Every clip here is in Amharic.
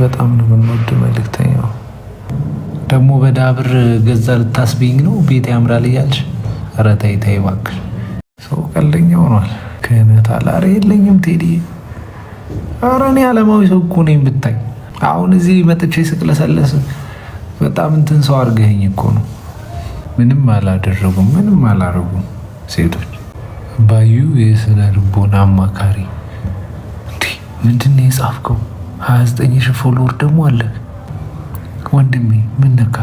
በጣም ነው የምንወድ መልእክተኛው። ደግሞ በዳብር ገዛ ልታስብኝ ነው ቤት ያምራል እያልሽ ኧረ ተይ ተይ እባክሽ። ሰው ቀልደኛ ሆኗል። ክህነት አለ። ኧረ የለኝም ቴዲ። ኧረ እኔ አለማዊ ሰው እኮ ነኝ ብታይ። አሁን እዚህ መጥቼ ስቅለሰለስ በጣም እንትን ሰው አድርገኝ እኮ ነው። ምንም አላደረጉም፣ ምንም አላረጉም ሴቶች። ባዩ የስነ ልቦና አማካሪ። ምንድን ነው የጻፍከው? 29 ሺህ ፎሎወር ደግሞ አለህ ወንድሜ። ምን ነካ?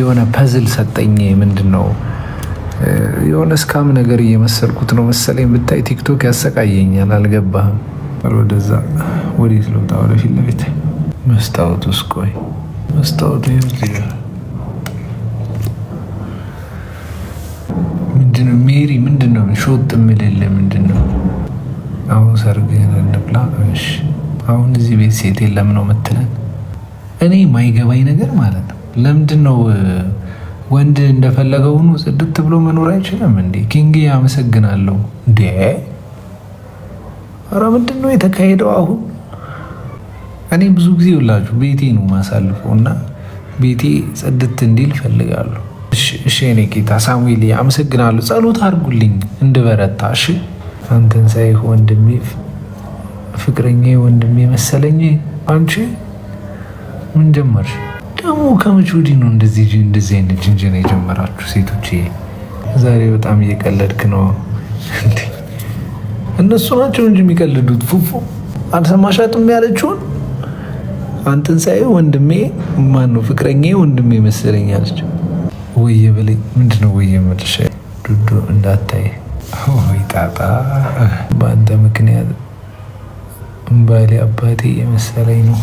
የሆነ ፐዝል ሰጠኝ። ምንድን ነው የሆነ እስካም ነገር እየመሰልኩት ነው መሰለኝ። ብታይ ቲክቶክ ያሰቃየኛል። አልገባህም? ወደዛ ወዴት ልምጣ? ወደፊት ለፊት መስታወት ውስጥ ቆይ፣ መስታወት ምንድነው? ሜሪ ምንድነው? ሾጥ ምልል ምንድነው? አሁን ሰርግህን እንብላ። እሺ አሁን እዚህ ቤት ሴት የለም ነው የምትለን? እኔ ማይገባኝ ነገር ማለት ነው ለምንድን ነው ወንድ እንደፈለገው ሆኖ ጽድት ብሎ መኖር አይችልም እንዴ? ኪንግ አመሰግናለሁ እንዴ! ኧረ ምንድን ነው የተካሄደው አሁን? እኔ ብዙ ጊዜ ሁላችሁ ቤቴ ነው ማሳልፎ እና ቤቴ ጽድት እንዲል ፈልጋለሁ። እሺ እኔ ጌታ ሳሙኤል አመሰግናለሁ፣ ጸሎት አድርጉልኝ እንድበረታ። እሺ አንተን ሳይህ ወንድሜ ፍቅረኛ ወንድም የመሰለኝ አንቺ ምን ጀመርሽ ደግሞ? ከመቼ ወዲህ ነው እንደዚህ እንደዚህ አይነት ጅንጀና የጀመራችሁ ሴቶች? ዛሬ በጣም እየቀለድክ ነው። እነሱ ናቸው እንጂ የሚቀልዱት። ፉፉ አልሰማሻትም ያለችውን አንተን ሳይ ወንድሜ ማን ነው ፍቅረኛ ወንድሜ መሰለኝ አለች። ወየ በለኝ ምንድነው? ወየ መልሻ ዱዱ እንዳታይ ወይ ጣጣ በአንተ ምክንያት እምባሌ አባቴ የመሰለኝ ነው።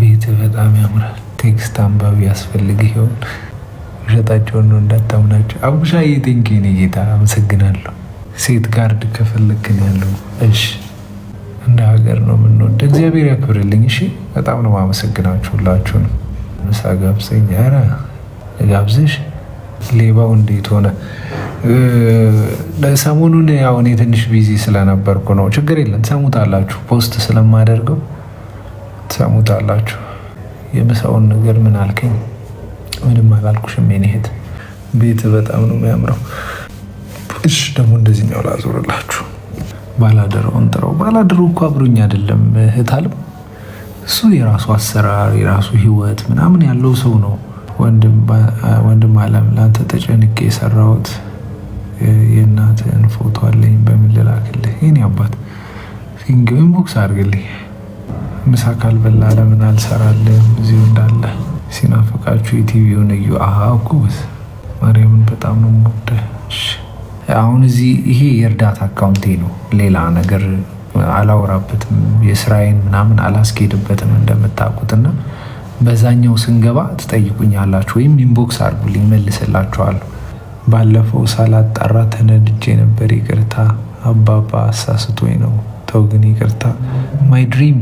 ቤት በጣም ያምራል። ቴክስት አንባቢ ያስፈልግ ይሆን? ውሸጣቸውን ነው እንዳታምናቸው። አቡሻ የቴንኪ ነው ጌታ አመሰግናለሁ። ሴት ጋርድ ከፈለግን ያለው እሺ፣ እንደ ሀገር ነው የምንወደ። እግዚአብሔር ያክብርልኝ። እሺ፣ በጣም ነው ማመሰግናችሁ ሁላችሁን። ምሳ ጋብዘኝ። ኧረ ጋብዝሽ። ሌባው እንዴት ሆነ? ሰሞኑን ያው እኔ ትንሽ ቢዚ ስለነበርኩ ነው። ችግር የለም ሰሙታላችሁ፣ ፖስት ስለማደርገው ሰሙታላችሁ የምሳውን ነገር ምን አልከኝ? ምንም አላልኩሽም። ኔሄት ቤት በጣም ነው የሚያምረው። እሽ ደግሞ እንደዚህኛው ላዞርላችሁ። ባላደረውን ጥረው። ባላደረው እኮ አብሮኝ አይደለም እህታልም። እሱ የራሱ አሰራር የራሱ ህይወት ምናምን ያለው ሰው ነው። ወንድም አለም፣ ለአንተ ተጨንቄ የሰራሁት የእናትህን ፎቶ አለኝ በምን ልላክልህ? የኔ አባት ፊንግም ቦክስ አድርግልኝ። ምሳ ካልበላ ለምን አልሰራልህም? እዚሁ እንዳለ ሲናፈቃችሁ የቲቪውን እዩ። አሀ ጎበዝ፣ ማርያምን በጣም ነው የምወደው። አሁን እዚህ ይሄ የእርዳታ አካውንቴ ነው። ሌላ ነገር አላወራበትም። የስራዬን ምናምን አላስኬድበትም እንደምታውቁትና በዛኛው ስንገባ ትጠይቁኛላችሁ ወይም ኢንቦክስ አድርጉልኝ መልስላችኋለሁ። ባለፈው ሳላጣራ ተነድጄ ነበር። ይቅርታ አባባ አሳስቶኝ ነው። ተው ግን ይቅርታ። ማይ ድሪም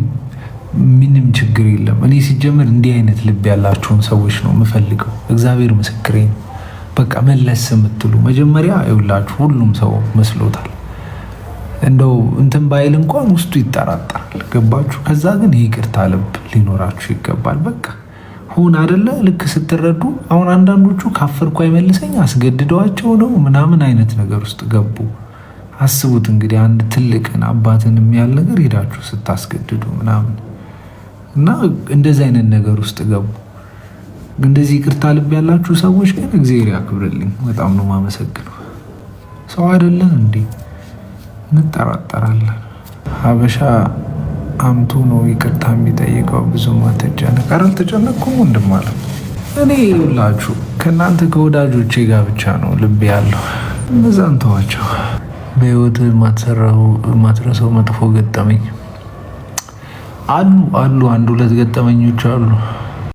ምንም ችግር የለም። እኔ ሲጀምር እንዲህ አይነት ልብ ያላቸውን ሰዎች ነው የምፈልገው። እግዚአብሔር ምስክሬ ነው። በቃ መለስ የምትሉ መጀመሪያ ይውላችሁ ሁሉም ሰው መስሎታል። እንደው እንትን ባይል እንኳን ውስጡ ይጠራጠራል። ገባችሁ? ከዛ ግን ይቅርታ ልብ ሊኖራችሁ ይገባል። በቃ ሆን አደለ ልክ ስትረዱ። አሁን አንዳንዶቹ ካፈርኩ አይመልሰኝ አስገድደዋቸው ነው ምናምን አይነት ነገር ውስጥ ገቡ። አስቡት እንግዲህ አንድ ትልቅን አባትን የሚያል ነገር ሄዳችሁ ስታስገድዱ ምናምን እና እንደዚህ አይነት ነገር ውስጥ ገቡ። እንደዚህ ይቅርታ ልብ ያላችሁ ሰዎች ግን እግዜር ያክብርልኝ። በጣም ነው ማመሰግነ ሰው አይደለን እንዴ? እንጠራጠራለን። ሀበሻ አምቶ ነው ይቅርታ የሚጠይቀው። ብዙ አትጨነቅ። አልተጨነቅኩም ወንድም አለ። እኔ ሁላችሁ ከእናንተ ከወዳጆቼ ጋር ብቻ ነው ልብ ያለው። እነዛን ተዋቸው። በህይወት ማትረሰው መጥፎ ገጠመኝ አሉ አሉ። አንድ ሁለት ገጠመኞች አሉ።